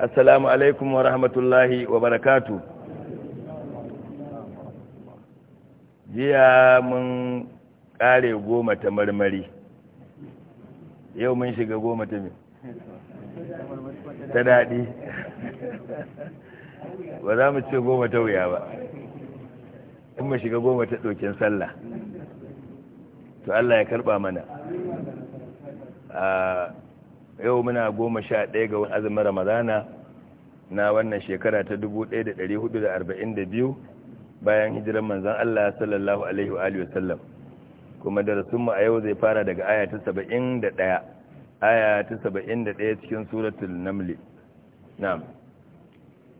assalamu alaikum wa rahmatullahi wa barakatu jiya mun kare goma ta marmari yau mun shiga goma ta mai ta daɗi ba za mu ce goma ta wuya ba in mu shiga goma ta ɗokin sallah to Allah ya karɓa mana ah, yau muna goma sha ɗaya ga wani azumin ramadana na wannan shekara ta 1442 bayan hijirar manzan Allah sallallahu alaihi wa sallam” kuma darasin mu a yau zai fara daga aya ta 71 aya ta 71 cikin suratul naml na'am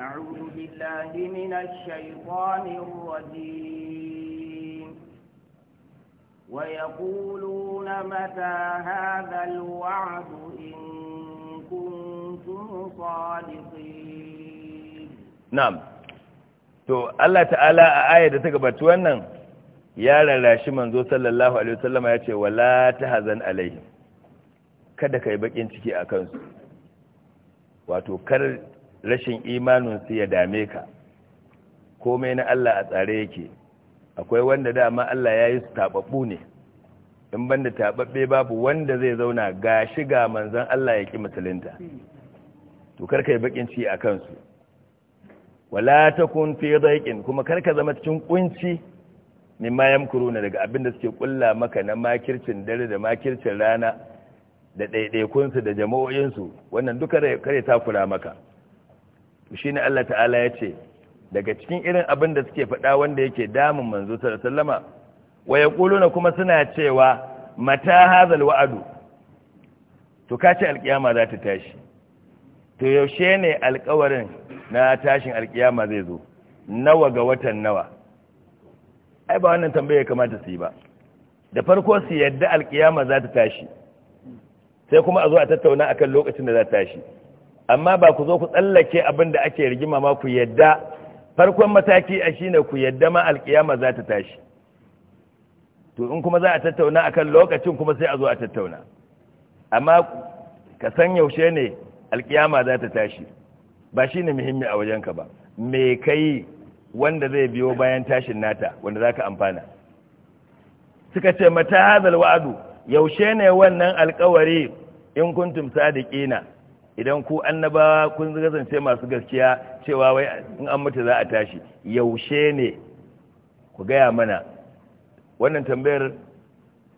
أعوذ بالله من الشيطان الرجيم ويقولون متى هذا الوعد إن Na’am, to Allah ta'ala a aya da ta gabatu wannan ya rarrashi manzo sallallahu alaihi wasallama ya ce wala tahzan alaihi, kada yi bakin ciki a kansu wato kar rashin imanin su ya dame ka komai na Allah a tsare yake akwai wanda dama Allah ya yi su tababbu ne in banda tababbe babu wanda zai zauna gashi ga manzon Allah ya ki musulunta to karka yi bakin ci a kansu wala ta kun fi zaikin kuma karka zama cikin kunci mimma na daga abinda suke kulla maka na makircin dare da makircin rana da ɗaiɗaikunsu da jama'o'insu wannan duka kare kula maka shi ne Allah ta'ala ya ce daga cikin irin abin da suke faɗa wanda yake damun manzo sallama wa ya ƙuluna kuma suna cewa mata hazal wa'adu to kace alƙiyama za ta tashi to yaushe ne alkawarin na tashin alkiyama zai zo nawa ga watan nawa ai ba wannan tambaye kamata su yi ba da farko su yadda alkiyama za ta tashi sai kuma a zo a tattauna a kan lokacin da za ta tashi amma ba ku zo ku tsallake abin da ake rigima ma ku yadda farkon mataki a shi ne ku yadda ma alkiyama za ta tashi to in kuma za a tattauna a kan lokacin kuma sai a zo a tattauna amma ka san yaushe ne alkiyama za ta tashi ba shi ne muhimmi a wajenka ba me kai wanda zai biyo bayan tashin nata wanda za ka amfana suka ce mata hazal wa'adu yaushe ne wannan alkawari in kuntum sadiqina idan ku annabawa kun kasance masu gaskiya cewa wai in an mutu za a tashi yaushe ne ku gaya mana wannan tambayar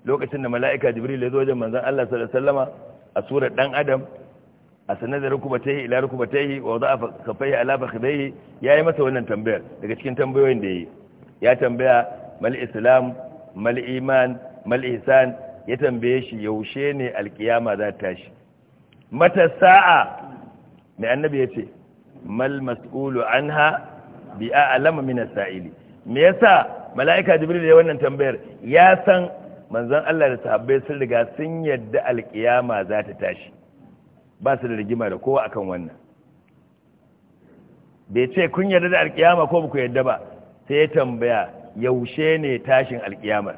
lokacin da mala'ika jibril ya zo wajen manzon Allah sallallahu alaihi wasallama a surar dan adam a asnada rukubatayhi ila rukubatayhi wa kafai kaffayhi ala ya yi masa wannan tambayar daga cikin tambayoyin da yi ya tambaya mal islam mal iman mal ihsan ya tambaye shi yaushe ne alkiyama za ta tashi mata sa'a mai annabi ya ce mal mas'ulu anha bi a'lama min saili me yasa mala'ika jibril ya wannan tambayar ya san manzon Allah da sahabbai sun riga sun yadda alkiyama za ta tashi ba su da rigima da kowa akan wannan bai ce kun yarda da alkiyama ko ku yarda ba sai ya tambaya yaushe ne tashin alkiyamar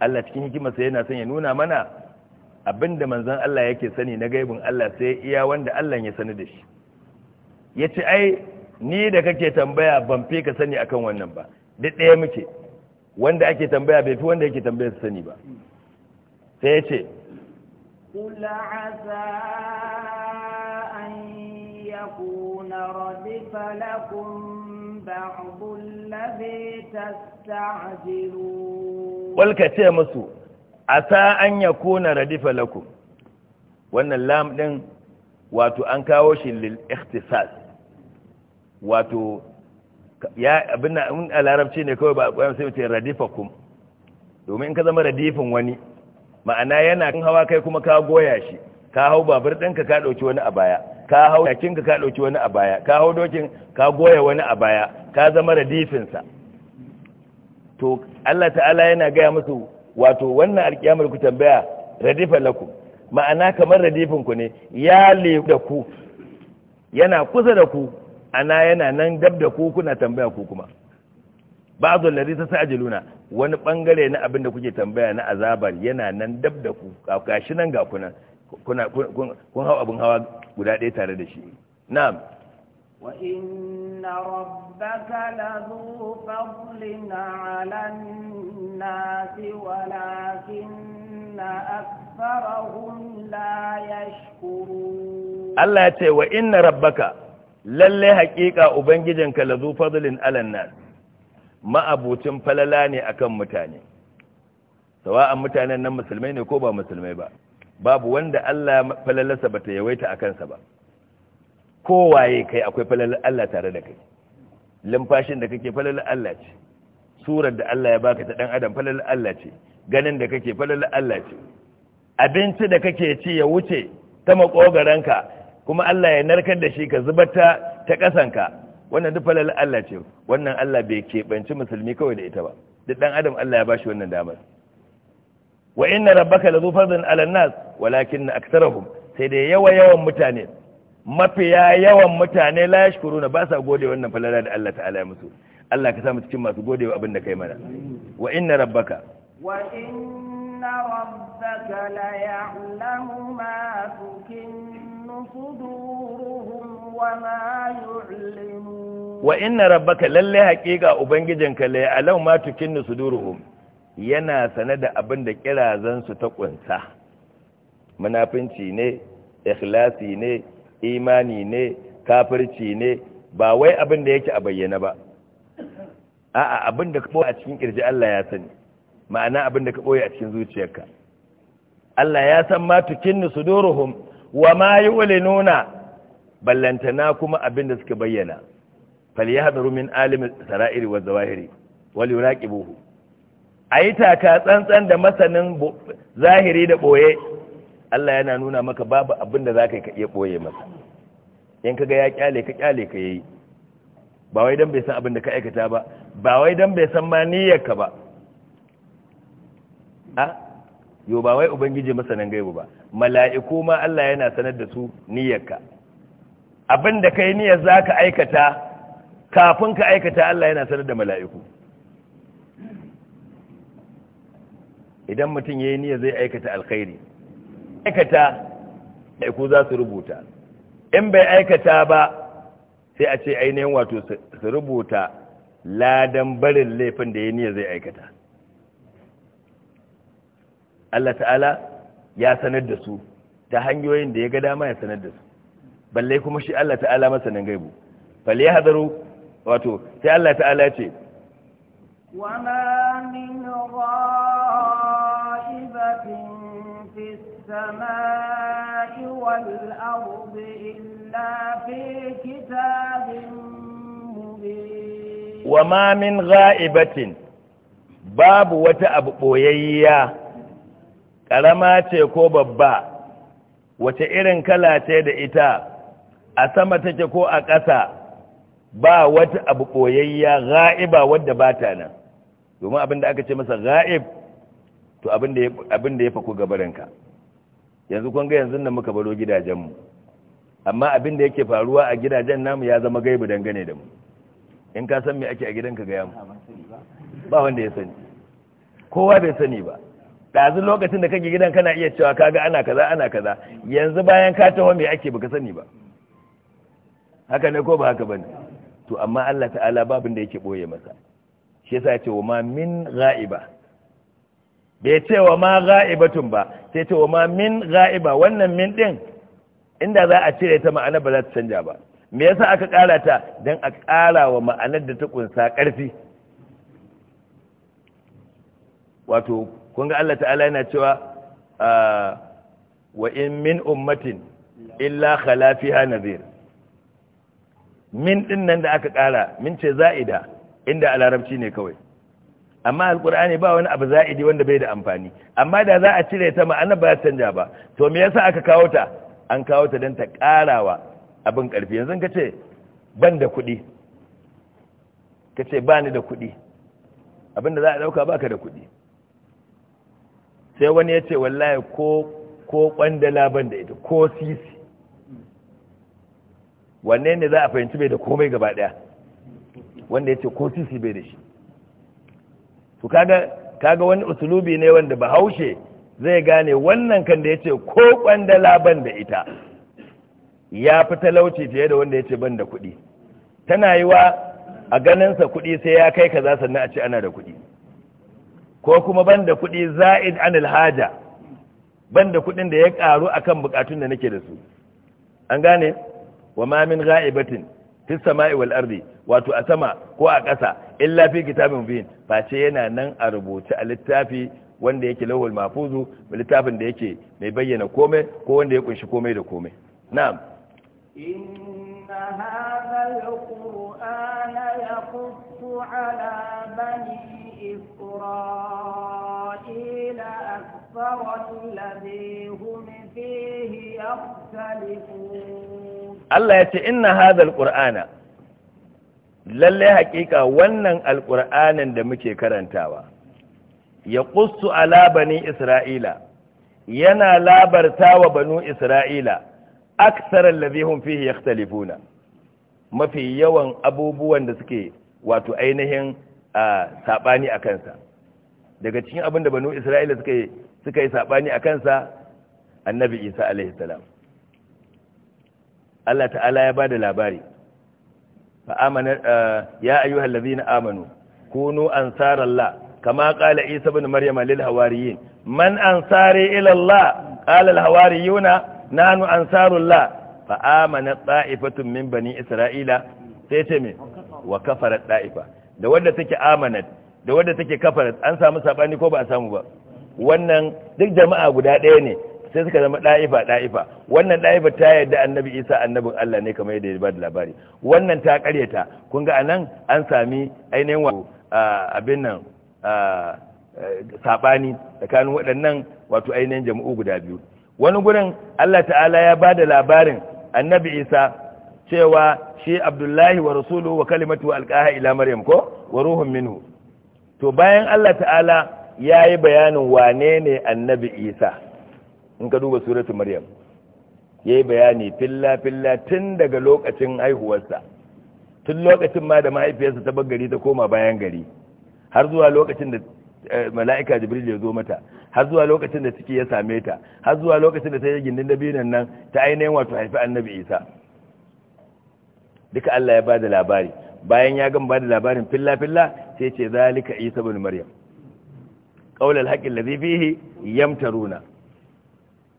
Allah cikin hikima sai yana son ya nuna mana abinda manzon Allah yake sani na gaibin Allah sai iya wanda Allah ya sani da shi yace ai ni da kake tambaya ban fi ka sani akan wannan ba duk ɗaya muke wanda ake tambaya bai fi wanda yake tambaya sani ba sai yace قل عسى أن يكون ردف لكم بعض الذي تستعجلون والكتير مسو عسى أن يكون ردف لكم wannan lam ɗin wato an kawo shi lil ikhtisas wato ya abin na in larabci ne kawai ba a ƙwayar sai ce radifakum domin in ka zama radifin wani ma'ana yana kan hawa kai kuma ka goya shi ka hau babur ɗinka ka ɗauki wani a baya ka hau dakinka ka ɗauki wani a baya ka hau dokin ka goya wani a baya ka zama radifinsa to Allah ta'ala yana gaya musu wato wannan alƙiyamar ku tambaya radifa laku ma'ana kamar radifin ku ne ya le da ku yana kusa da ku ana yana nan dab da ku kuna tambaya ku kuma ba'dul ladhi tasajiluna wani bangare na abin da kuke tambaya na azabar yana nan dab da ku gashi nan ga kuna kuna kun hau abin hawa guda ɗaya tare da shi na'am wa inna rabbaka fadlin nasi walakinna aktharuhum la yashkurun Allah ya ce wa inna rabbaka lalle haƙiƙa ubangijinka lazu fadlin ala nasi ma'abucin falala ne akan mutane sawa'an mutanen nan musulmai ne ko ba musulmai ba babu wanda Allah falalarsa bata yawaita a kansa ba kowaye kai akwai falalar Allah tare da kai limfashin da kake falalar Allah ce surar da Allah ya baka ta dan adam falalar Allah ce ganin da kake falalar Allah ce abinci da kake ci ya wuce ta makogaranka kuma Allah ya narkar da shi ka zubata ta kasanka wannan duk falal Allah ce wannan Allah bai keɓanci musulmi kawai da ita ba duk dan adam Allah ya bashi wannan damar wa inna rabbaka lazu fadlan ala nas walakin aktharuhum sai da yawa yawan mutane mafiya yawan mutane la yashkuruna ba sa gode wannan falala da Allah ta'ala ya musu Allah ka sa mu cikin masu godewa abin da kai mana wa inna rabbaka wa inna rabbaka la ya'lamu ma tukinnu suduruhum wa inna rabbaka lalle haqiqa حقيقة ka كلي ألو ما تكن صدورهم yana sane da abin da kirazansu ta kunsa munafinci ne ikhlasi ne imani ne kafirci ne ba wai abin da yake a bayyana ba a'a abin da ka boye a cikin kirji Allah ya sani ma'ana abin da ka boye a cikin zuciyarka Allah ya san ma tukinnu suduruhum wa ma yu'linuna ballantana kuma abin da suka bayyana fal falyahdharu min alim sarairi wa zawahiri wal yuraqibuhu ayi taka tsantsan da masanin zahiri da boye Allah yana nuna maka babu abin da ka iya boye masa in kaga ya kyale ka kyale ka yi. ba wai dan bai san abin da ka aikata ba ba wai dan bai san ma niyyarka ba a yo ba wai ubangiji masanin gaibu ba mala'iku ma Allah yana sanar da su niyyarka abin da kai niyyar za ka aikata kafin ka aikata Allah yana sanar da mala'iku idan mutum ya yi niyyar zai aikata alkhairi aikata aiku za su rubuta in bai aikata ba sai a ce ainihin wato su rubuta ladan barin laifin da ya niyyar zai aikata Allah ta'ala ya sanar da su ta hanyoyin da ya ga dama ya sanar da su balle kuma shi Allah ta'ala masanin gaibu falle ya hadaru wato sai Allah ta'ala ce وما من غائبة في السماء fi إلا في كتاب مبين وما babu wata abu-boyayya ƙarama ce ko babba wace irin kala ce da ita a sama take ko a ƙasa ba wata abu ɓoyayya ra'iba wadda ba ta nan domin abin da aka ce masa ra'ib to abin da ya fako gabarinka yanzu kun ga yanzu nan muka baro gidajenmu amma abin da yake faruwa a gidajen namu ya zama gaibu dangane da mu in ka san me ake a gidanka ga yamu ba wanda ya sani kowa bai sani ba ɗazu lokacin da kake gidan kana iya cewa kaga ana kaza ana kaza yanzu bayan ka taho me ake baka sani ba haka ne ko ba haka bane to amma Allah ta'ala babin da yake boye masa shi yasa ya ce wa ma min ghaiba bai ce wa ma gha'ibatun ba sai ce wa ma min ghaiba wannan min din inda za a cire ta ma'ana ba za ta canja ba me yasa aka kara ta dan a ƙara wa ma'anar da ta kunsa ƙarfi wato kun ga Allah ta'ala yana cewa ah, wa in min ummatin illa khalafiha fiha nadhir min ɗin nan da aka ƙara, min ce za'ida inda a larabci ne kawai amma Alƙur'ani ba wani abu za'idi wanda bai da amfani amma da za a cire ta ma'ana ba canja ba to me yasa aka kawo ta an kawo ta don ta ƙarawa abin ƙarfi. yanzu ka ce ban da kuɗi ka ce ba ni da kuɗi abinda za a ɗauka baka da kuɗi sai wani ya ce wallahi ko ko ban da ita ko sisi wanne ne za a fahimci bai da komai gaba daya wanda ya ce ko sisi bai da shi to kaga wani usulubi ne wanda bahaushe zai gane wannan kan da ya ce ko kwandala ban da ita ya fi talauci fiye da wanda ya ce ban da kuɗi tana yi wa a ganinsa kuɗi sai ya kai kaza sannan a ce ana da kuɗi ko kuma ban da kuɗi za'id anil haja ban da kuɗin da ya ƙaru akan bukatun da nake da su an gane wa ma min gha'ibatin fi sama'i wal ardi wato a sama ko a ƙasa illa fi kitabin mubin face yana nan a rubuce a littafi wanda yake lawul mahfuzu littafin da yake mai bayyana komai ko wanda ya kunshi komai da komai na'am inna hadha al القرآن يقص على بني إسرائيل أكثر الذي هم فيه يختلفون الله يتي إن هذا القرآن lallai haƙiƙa wannan alƙur'anin da muke karantawa ya ƙustu ala bani isra'ila yana labarta wa banu isra'ila aksarar lazihun fihi mafi yawan abubuwan da suke wato ainihin saɓani a kansa daga cikin abin da banu isra'ila suka yi saɓani a kansa annabi isa salam allah ta'ala ya ba da labari ya ayyuhal lazina amanu kunu ansarallah kama kala isa ibn maryam lil hawariyin man ansari ila allah qala al hawariyuna nanu ansarullah fa amana min bani isra'ila sai ce me wa kafarat ta'ifa da wanda take amanat da wanda take kafarat an samu sabani ko ba a samu ba wannan duk jama'a guda ɗaya ne sai suka zama ɗa'ifa ɗa'ifa wannan ɗa'ifa ta yarda annabi isa annabin allah ne kamar yadda ya ba da labari wannan ta karyata kun ga anan an sami ainihin wa abin nan saɓani tsakanin waɗannan wato ainihin jama'u guda biyu wani gurin allah ta'ala ya ba da labarin annabi isa cewa shi abdullahi wa rasulu wa kalimatu alqaha ila maryam ko wa ruhun minhu to bayan Allah ta'ala yayi bayanin wane ne annabi isa in ka duba suratun maryam yayi bayani filla filla tun daga lokacin haihuwarsa tun lokacin ma da mahaifiyarsa ta bar gari ta koma bayan gari har zuwa lokacin da Eh, mala'ika jibril ya zo mata har zuwa lokacin da ciki ya same ta har zuwa lokacin da ta yi gindin dabinan nan ta ainihin wato haifi annabi isa duka Allah ya bada labari bayan ya gama bada labarin filla filla sai ce zalika isa bin maryam qaulal haqqi allazi fihi yamtaruna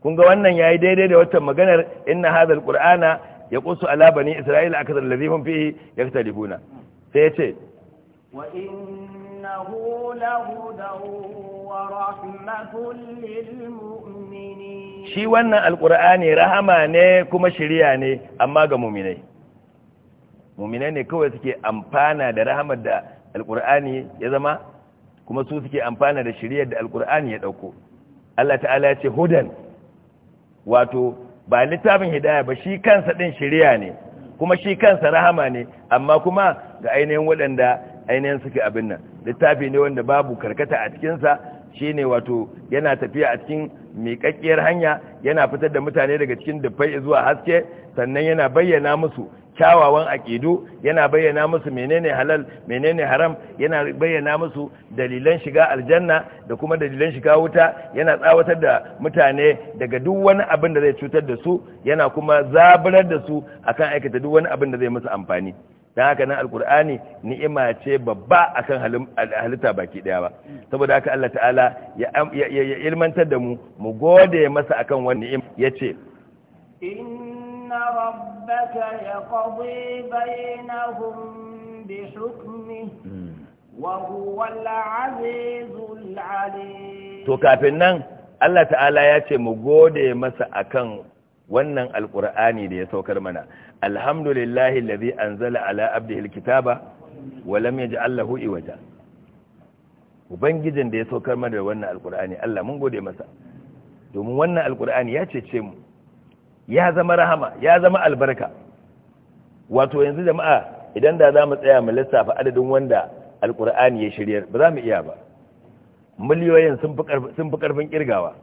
kun ga wannan ya yayi daidai da wata maganar inna hadha alqur'ana ya ala bani isra'ila akthar allazi hum fihi yaktalifuna sai ya ce إنه لهدى ورحمة للمؤمنين shi wannan alkur'ani rahama ne kuma shiriya ne amma ga mu'minai mu'minai ne kawai suke amfana da rahamar da alqur'ani ya zama kuma su suke amfana da shiriyar da alqur'ani ya dauko Allah ta'ala ya ce hudan wato ba littafin hidaya ba shi kansa din shiriya ne kuma shi kansa rahama ne amma kuma ga ainihin waɗanda ainihin suke abin nan littafi ne wanda babu karkata a cikinsa shine wato yana tafiya a cikin miƙaƙƙiyar hanya yana fitar da mutane daga cikin dufai zuwa haske sannan yana bayyana musu kyawawan aƙidu yana bayyana musu menene halal menene haram yana bayyana musu dalilan shiga aljanna da kuma dalilan shiga wuta yana tsawatar da mutane daga duk wani abin da zai cutar da su yana kuma zaburar da su akan aikata duk wani abin da zai musu amfani don haka nan alkur'ani ni'ima ce babba akan halitta baki daya ba saboda haka Allah ta'ala ya ilmantar da mu mu gode masa akan wani yace inna rabbaka yaqdi bainahum bi hukmi hmm. wa huwa al-azizul alim to kafin nan Allah ta'ala ya ce mu gode masa akan wannan Alƙur'ani da ya saukar mana alhamdulillahi allazi anzala ala abdihi alkitaba wa lam yaj'al lahu iwaja ubangijin da ya saukar mana da wannan Alƙur'ani, Allah mun gode masa domin wannan Alƙur'ani ya cece mu ya zama rahama ya zama albarka wato yanzu jama'a idan da za mu tsaya mu lissafa adadin wanda Alƙur'ani ya shiryar ba za mu iya ba miliyoyin sun fi ƙarfin ƙirgawa.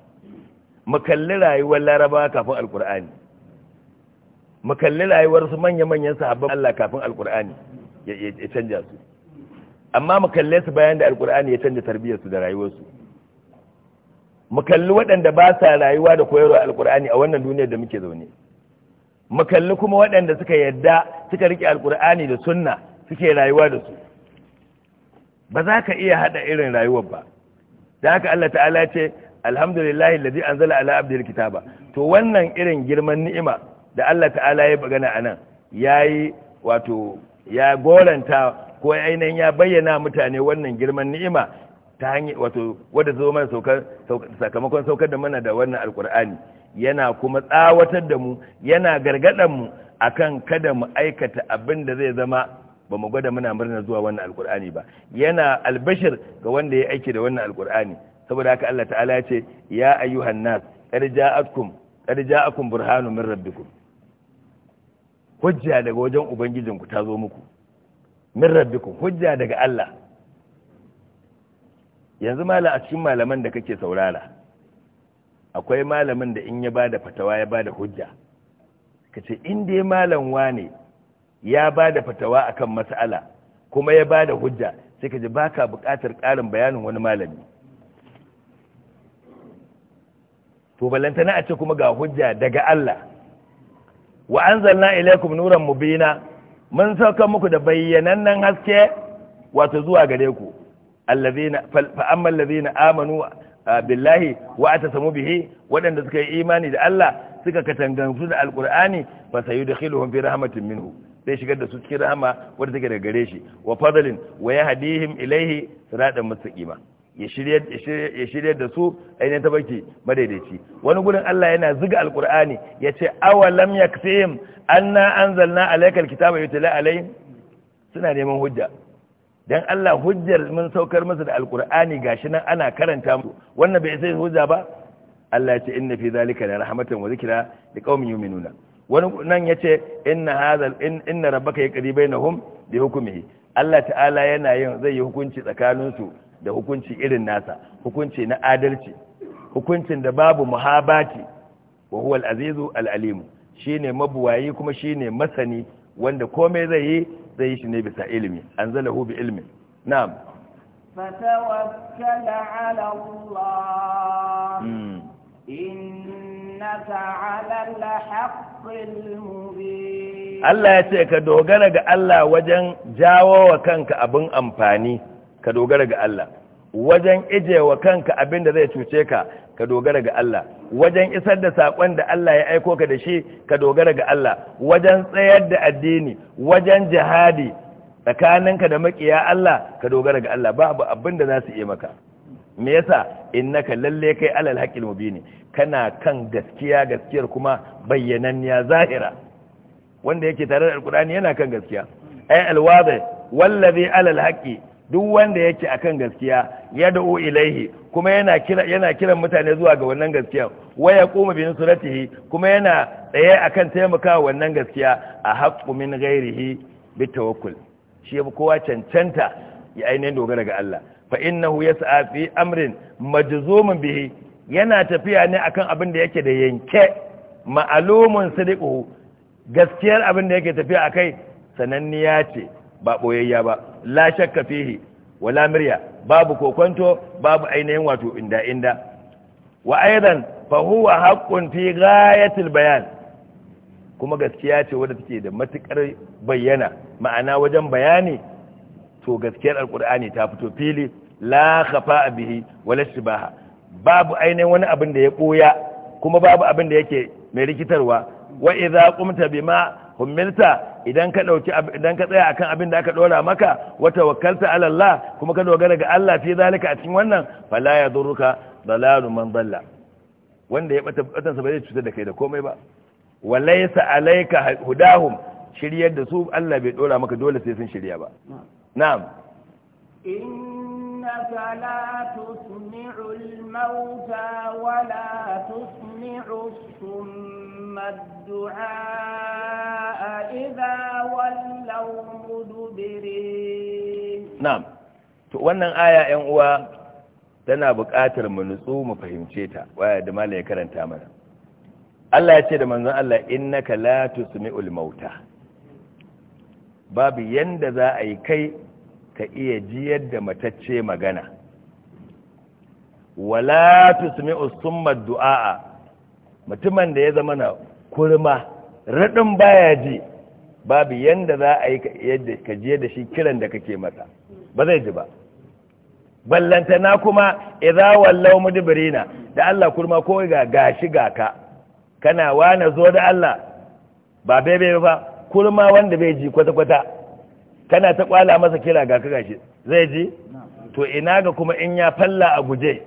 mu kalli rayuwar laraba kafin alkur'ani mu kalli rayuwar su manya-manyan sahabban Allah kafin alkur'ani ya canja su amma mu su bayan da alkur'ani ya canja tarbiyyarsu da rayuwarsu makalli mu kalli waɗanda ba sa rayuwa da koyarwa alkur'ani a wannan duniyar da muke zaune mu kuma waɗanda suka yadda suka rike alkur'ani da sunna suke rayuwa da su ba za ka iya haɗa irin rayuwar ba da haka Allah ta'ala ce alhamdulillah alladhi anzala ala abdil kitaba to wannan irin girman ni'ima da Allah ta'ala ya bagana anan yayi wato ya goranta ko ainihin ya bayyana mutane wannan girman ni'ima ta hanyar wato wadda zo mana sakamakon saukar da mana da wannan alkur'ani yana kuma tsawatar da mu yana gargadan mu akan kada mu aikata abin da zai zama ba mu gwada muna murna zuwa wannan alkur'ani ba yana albashir ga wanda ya aiki da wannan alkur'ani saboda haka Allah ta'ala ya ce ya ayyuhan nas qad ja'akum qad burhanun min rabbikum hujja daga wajen ubangijinku ta zo muku min rabbikum hujja daga Allah yanzu mala a cikin malaman da kake saurara akwai malamin da in ya bada fatawa ya bada hujja kace in dai malam wane ya bada fatawa akan mas'ala kuma ya bada hujja sai kaje baka buƙatar ƙarin bayanin wani malami to ballantana a ce kuma ga hujja daga Allah wa anzalna ilaikum nuran mubina mun sauka muku da bayyanannen haske wato zuwa gare ku allazina fa amma allazina amanu billahi wa atasamu bihi waɗanda suka yi imani da Allah suka katangantu da alqur'ani fa sayudkhiluhum fi rahmatin minhu sai shigar da su cikin rahama wadda take daga gare shi wa fadlin wa yahdihim ilaihi siratan mustaqima ya shirya da su ainihin ta baki madaidaici wani gudun Allah yana ziga alkur'ani ya ce awalam ya kasihim an anzalna alaikal kitaba yutla alaihim suna neman hujja don Allah hujjar mun saukar masa da alkur'ani gashi nan ana karanta mu wannan bai sai hujja ba Allah ya ce inna fi zalika da rahmatan wa zikira zikra liqaumin yu'minuna wani nan ya yace inna hadha inna rabbaka yaqdi bainahum bi hukmihi Allah ta'ala yana yin zai yi hukunci tsakaninsu da hukunci irin nasa hukunci na adalci hukuncin da babu muhabati wa huwa al-azizu al-alim shine mabuwayi kuma shine masani wanda komai zai yi zai shi ne bisa ilimi anzalahu bi ilmi na'am 'ala Allah hmm. innaka 'ala al-haqqil mubin Allah ya ce ka dogara ga Allah wajen jawo wa kanka abin amfani ka dogara ga Allah wajen ijewa kanka abin da zai cuce ka ka dogara ga Allah wajen isar da sakon da Allah ya aiko ka da shi ka dogara ga Allah wajen tsayar da addini wajen jihadi tsakaninka da makiya Allah ka dogara ga Allah babu abin da za su yi maka me yasa innaka lalle kai alal haqqil mubini kana kan gaskiya gaskiyar kuma bayyananniya zahira wanda yake tare da alqur'ani yana kan gaskiya Ai alwazi wallazi alal haqqi duk wanda yake akan gaskiya ya da'u ilaihi kuma yana kira yana kiran mutane zuwa ga wannan gaskiya waya kuma bi nusratihi kuma yana tsaye akan taimakawa wannan gaskiya a haqqu min ghairihi bi tawakkul shi kowa cancanta ya ainihin dogara ga Allah fa innahu yas'a fi amrin majzumun bihi yana tafiya ne akan abin da yake da yanke ma'alumun sidiqu gaskiyar abin da yake tafiya akai sananniya ce ba boyayya ba la shakka fihi wala mirya babu kokonto babu ainihin wato inda inda wa aidan fa huwa haqqun fi ghayatil bayan kuma gaskiya ce wadda take da matukar bayyana ma'ana wajen bayani to gaskiyar alqur'ani ta fito fili la khafa'a bihi wala shibaha babu ainihin wani abin da ya koya kuma babu abin da yake mai rikitarwa wa idza qumta bima humilta idan ka dauki idan ka tsaya akan abin da aka ɗora maka wata wakalta ala Allah kuma ka dogara ga Allah fi zalika a cikin wannan fala ya yadurruka dalalu man dalla wanda ya bata batan sa bai da kai da komai ba walaysa alayka hudahum shiryar da su Allah bai dora maka dole sai sun shirya ba na'am إنك لا تسمع الموتى ولا تسمع الصم الدعاء إذا ولوا مدبرين نعم to wannan aya ‘yan uwa tana من نصوم فهم شيتا fahimce ta waya da mala Allah ya ce da manzon Allah innaka la tusmi'ul mauta babu yanda za a yi kai ka iya jiyar da matacce magana wala tusmi'u summa du'a mutumin da ya zama na kurma radin baya ji babu yanda za a yi yadda ka je da shi kiran da kake masa ba zai ji ba ballantana kuma idza wallau mudbirina da Allah kurma ko ga gashi ga ka kana wani zo da Allah ba bebe ba kurma wanda bai ji kwata kwata kana ta kwala masa kira ga ka gashi zai ji to ina ga kuma in ya falla a guje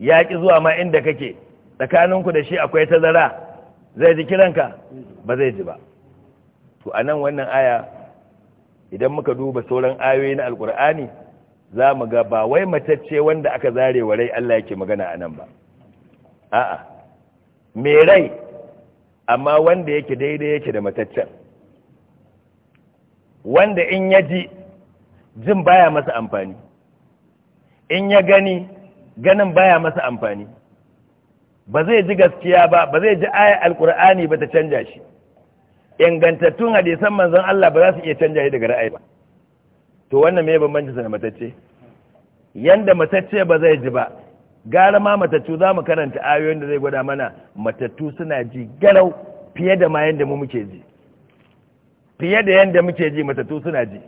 ya ki zuwa ma inda kake tsakaninku da shi akwai tazara zai ji ka ba zai ji ba to anan wannan aya idan muka duba sauran ayoyi na alkur'ani za mu ga ba wai matacce wanda aka zare wa rai Allah yake magana a nan ba a'a mai rai amma wanda yake daidai yake da mataccen wanda in ya ji jin baya masa amfani in ya gani ganin baya masa amfani ba zai ji gaskiya ba ba zai ji aya alkur'ani ba ta canja shi ingantattun hadisan manzon Allah ba za su iya canja shi daga ra'ayi ba to wannan me bambanci sa da matacce yanda matacce ba zai ji ba gara ma matattu za mu karanta ayoyin da zai gwada mana matattu suna ji galau fiye da ma yanda mu muke ji fiye da yadda muke ji matattu suna ji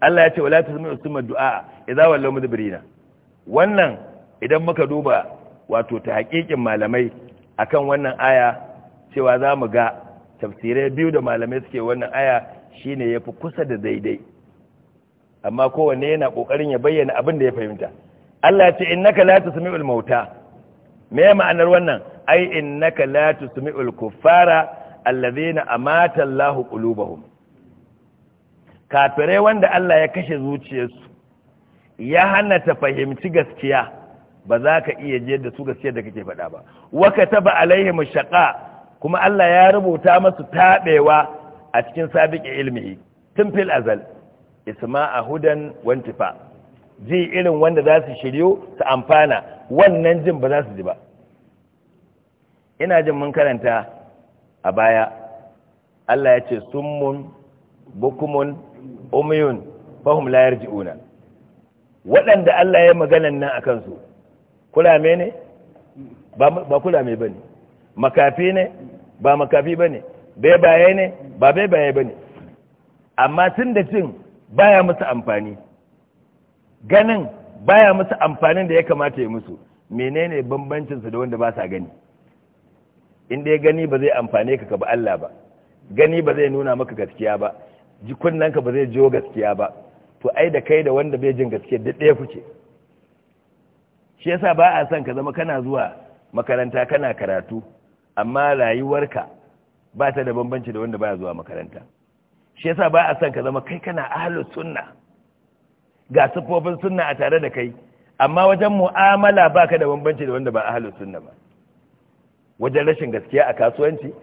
Allah ya ce wala tusmi'u summa du'a idza wallaw mudbirina wannan idan muka duba wato ta hakikin malamai akan wannan aya cewa za mu ga tafsirai biyu da malamai suke wannan aya shine yafi kusa da daidai amma kowanne yana kokarin ya bayyana abin da ya fahimta Allah ya ce innaka la tusmi'ul mauta me ma'anar wannan ai innaka la tusmi'ul kuffara allazina amata Allahu qulubahum kafirai wanda Allah ya kashe zuciyarsu ya hana ta fahimci gaskiya ba za ka iya je da su gaskiyar da kake faɗa ba wa kataba alaihim shaqa kuma Allah ya rubuta masu tabewa a cikin sabiqi ilmihi tun fil azal isma'a hudan wantifa ji irin wanda za su shiryo su amfana wannan jin ba za su ji ba ina jin mun karanta a baya Allah ya ce summun bukumun umyun fahum la yarji'una waɗanda Allah ya maganan nan akan su kulame ne ba ba bane makafi ne ba makafi bane bebaye ne ba bebaye bane amma tun da cin baya musu amfani ganin baya musu amfanin da ya kamata ya musu menene bambancinsu da wanda ba sa gani in dai gani ba zai amfane ka ka ba Allah ba gani ba zai nuna maka gaskiya ba jikunnanka ba zai jiwo gaskiya ba to ai da kai da wanda bai jin gaskiya da ɗaya kuke shi yasa ba a son ka zama kana zuwa makaranta kana karatu amma rayuwarka ba ta da bambanci da wanda baya zuwa makaranta shi yasa ba a son ka zama kai kana ahlus sunna ga sufofin sunna a tare da kai amma wajen mu'amala baka da bambanci da wanda ba ahlus sunna ba wajen rashin gaskiya a kasuwanci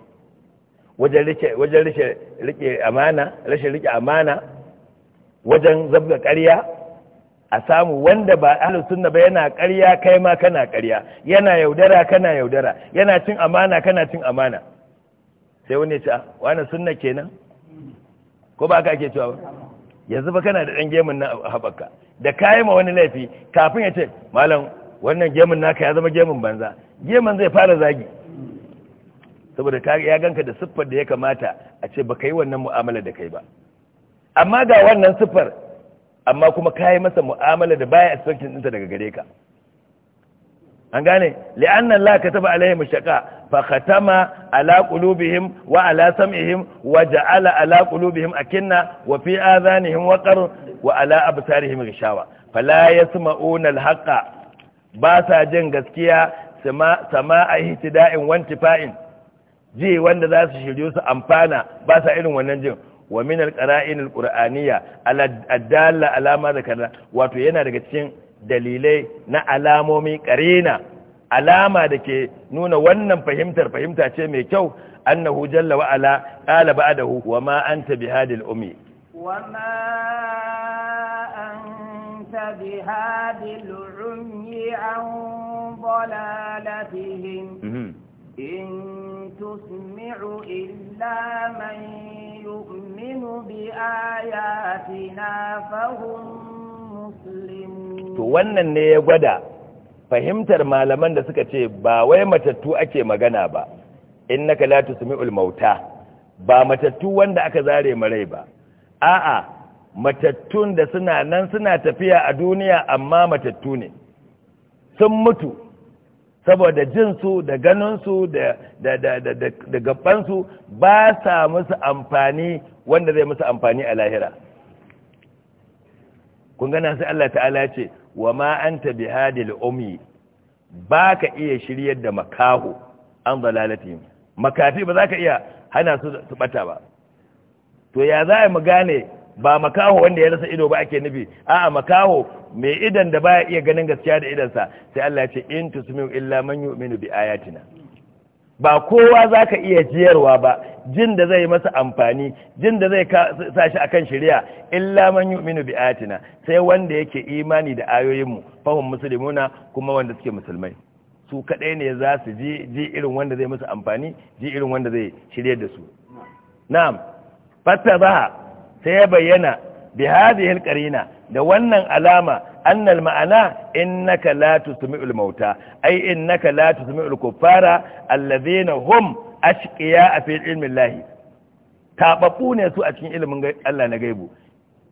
wajen rike amana rashin rike amana wajen zabga ƙarya a samu wanda ba ahlus na ba yana ƙarya kai ma kana ƙarya yana yaudara kana yaudara yana cin amana kana cin amana sai wani ya ce ah, wani sunna kenan ko ba ka ake cewa ba yanzu ba kana da ɗan gemun na haɓaka da kayi ma wani laifi kafin ya ce malam wannan gemun naka ya zama gemun banza gemun zai fara zagi saboda ka ya ganka da siffar da ya kamata a ce baka yi wannan mu'amala da kai ba amma ga wannan siffar amma kuma ka yi masa mu'amala da baya expecting ɗinta daga gare ka an gane la ka taba alaihi shaqa fa khatama ala qulubihim wa ala sam'ihim wa ja'ala ala qulubihim akinna wa fi adhanihim qar wa ala absarihim ghishawa fala yasma'una al ba sa jin gaskiya sama sama'a ihtida'in wa intifa'in ji wanda za su shirye su amfana ba sa irin wannan jin wa min alqara'in alqur'aniyya ala alama da kaza wato yana daga cikin dalilai na alamomi karina alama da ke nuna wannan fahimtar fahimta ce mai kyau annahu jalla wa ala qala ba'dahu wa ma anta bihadil ummi wa ma anta bihadil ummi an dalalatihim mhm. إن تسمع إلا من يؤمن بآياتنا فهم مسلمون to wannan ne ya gwada fahimtar malaman da suka ce ba wai matattu ake magana ba innaka la tusmi'ul mauta ba matattu wanda aka zare marai ba a'a matattun da suna nan suna tafiya a duniya amma matattu ne sun mutu saboda jinsu da ganinsu da gabansu ba sa musu amfani wanda zai musu amfani a lahira kun gana sai Allah ta'ala ce wa ma anta Hadil ummi ba ka iya shiryar da makaho an zalalatihim makafi ba za ka iya hana su su bata ba to ya za mu gane ba makaho wanda ya rasa ido ba ake nufi a'a makaho mai idan da baya iya ganin gaskiya da idansa sai Allah ya ce in tusmiu illa man yu'minu bi ayatina ba kowa zaka iya jiyarwa ba jin da zai masa amfani jin da zai sa shi akan shari'a illa man yu'minu bi ayatina sai wanda yake imani da ayoyin ayoyinmu fahim muslimuna kuma wanda suke musulmai su kadai ne za su ji ji irin wanda zai masa amfani ji irin wanda zai shirye da su na'am ba sai ya bayyana bi hadhihi alqarina da wannan alama annal ma'ana innaka la tusmi'ul mauta ai innaka la tusmi'ul kuffara alladhina hum ashqiya fi ilmi llahi tababbu ne su a cikin ilimin Allah na gaibu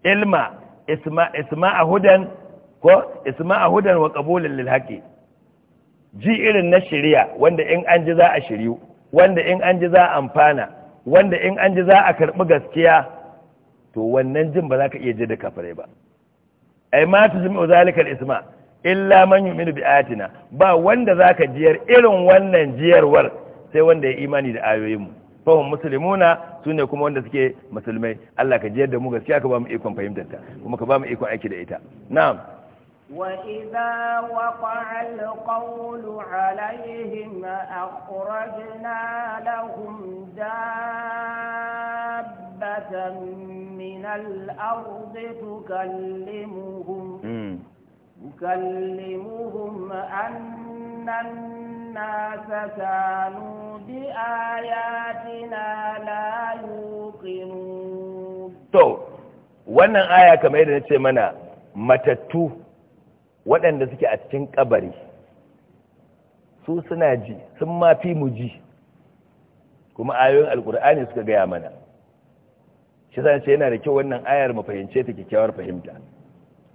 ilma isma isma'a hudan ko isma'a hudan wa qabulin lil ji irin na shari'a wanda in an ji za a shiryu wanda in an ji za a amfana wanda in an ji za a karɓi gaskiya to wannan jin ba za ka iya ji da kafirai ba ai ma ta jimi'u zalikal isma illa man yi bi ayatina ba wanda za ka jiyar irin wannan jiyarwar sai wanda ya imani da ayoyin fahim musulmuna sune kuma wanda suke musulmai Allah ka jiyar da mu gaskiya ka ba mu ikon fahimtar ta kuma ka ba mu ikon aiki da ita na'am وإذا وقع القول عليهم أخرجنا لهم دابة دابة من الأرض تكلمهم تكلمهم أن الناس كانوا بآياتنا لا يوقنون تو wannan aya kamar yadda nace mana matattu waɗanda suke a cikin kabari su suna ji sun ma fi mu ji kuma ayoyin alkur'ani suka gaya mana shi zai ce yana da kyau wannan ayar mu fahimce ta kyakkyawar fahimta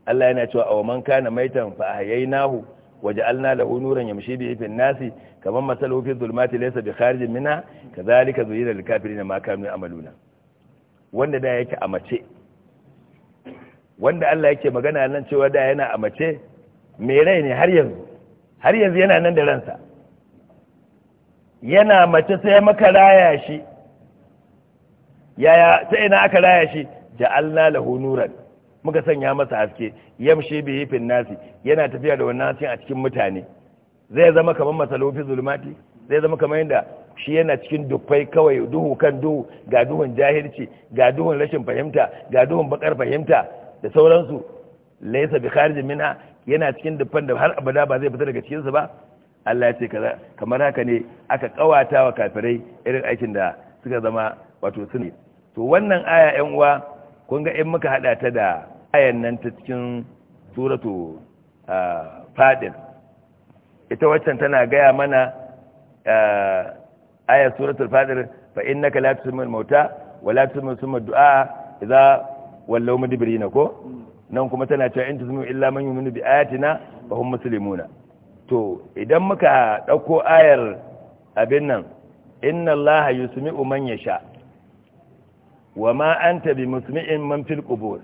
Allah yana cewa aw man kana maitan fa ahyaynahu waj'alna lahu nuran yamshi bihi fil nasi kaman masalu fi dhulumati laysa bi kharijin minha kadhalika zuyira lil kafirin ma kanu amaluna. wanda da yake a mace wanda Allah yake magana nan cewa da yana a mace me rai ne har yanzu har yanzu yana nan da ransa yana mace sai maka raya shi yaya ta ina aka raya shi ja'alna lahu nuran muka sanya masa haske yamshi bi hifin nasi yana tafiya da wannan cin a cikin mutane zai zama kamar masalofi zulmati zai zama kamar yadda shi yana cikin dufai kawai duhu kan duhu ga duhun jahilci ga duhun rashin fahimta ga duhun bakar fahimta da sauransu laisa bi kharijin minha yana cikin dufan da har abada ba zai fita daga cikinsu ba Allah ya ce kaza kamar haka ne aka kawata wa kafirai irin aikin da suka zama wato sunni to wannan aya yan uwa kun ga in muka haɗa ta da ayan nan ta cikin suratu fadil ita waccan tana gaya mana ayan suratul fadil fa innaka la tusmi'ul mauta wa la tusmi'u summa du'a idza wallaw mudbirina ko nan kuma tana cewa in tusmi'u illa man yu'minu bi ayatina fa hum muslimuna to idan muka dauko ayar abin nan inna allaha yusmi'u man yasha wa ma anta bi musmi'in man fil qubur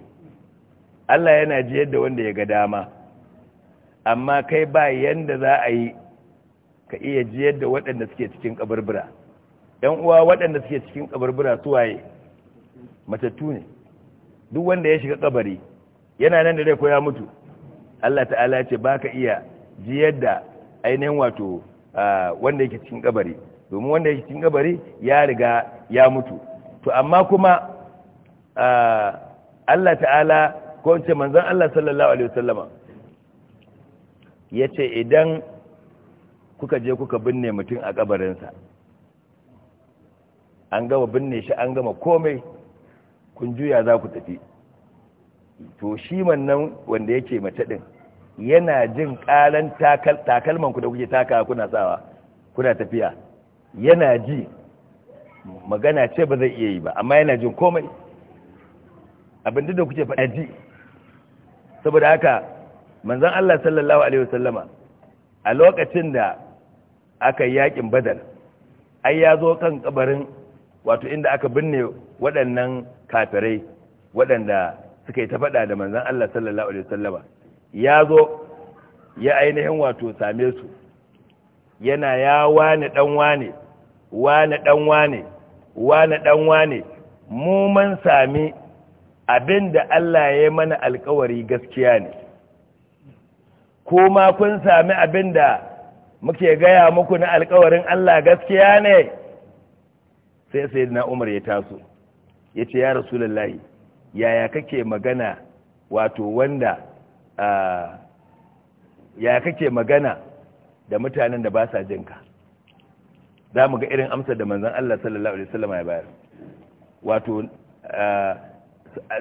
Allah yana ji yadda wanda ya ga dama amma kai ba yanda za a yi ka iya ji yadda waɗanda suke cikin kaburbura ɗan uwa waɗanda suke cikin kaburbura su waye matattu ne duk wanda ya shiga kabari yana nan da rai ko ya mutu Allah ta'ala ya ce baka iya ji yadda ainihin wato ah, wanda yake cikin kabari domin wanda yake cikin kabari ya riga ya mutu to amma kuma Allah ta'ala ko ce manzon Allah sallallahu alaihi wasallama yace idan kuka je kuka binne mutum a kabarinsa an gama binne shi an gama komai kun juya za ku tafi to shi wannan wanda yake mace din yana jin kalan takalman ku da kuke taka kuna sawa kuna tafiya yana ji magana ce ba zai iya yi ba amma yana jin komai abin da kuke faɗa ji saboda haka manzon Allah sallallahu alaihi wasallama a lokacin da aka yi yakin badar ai ya zo kan kabarin wato inda aka binne waɗannan kafirai waɗanda suka yi ta faɗa da manzon Allah sallallahu alaihi wasallama ya zo ya ainihin wato same su yana ya wane dan wane wane dan wane wane dan wane mu man sami abin da Allah ya yi mana alkawari gaskiya ne ko ma kun sami abin da muke gaya muku na alkawarin Allah gaskiya ne sai sai na umar ya taso ya ce ya rasulullahi yaya kake magana wato wanda ah, ya kake magana da mutanen da ba sa jinka za mu ga irin amsar da manzon Allah sallallahu alaihi wasallam ya bayar wato eh,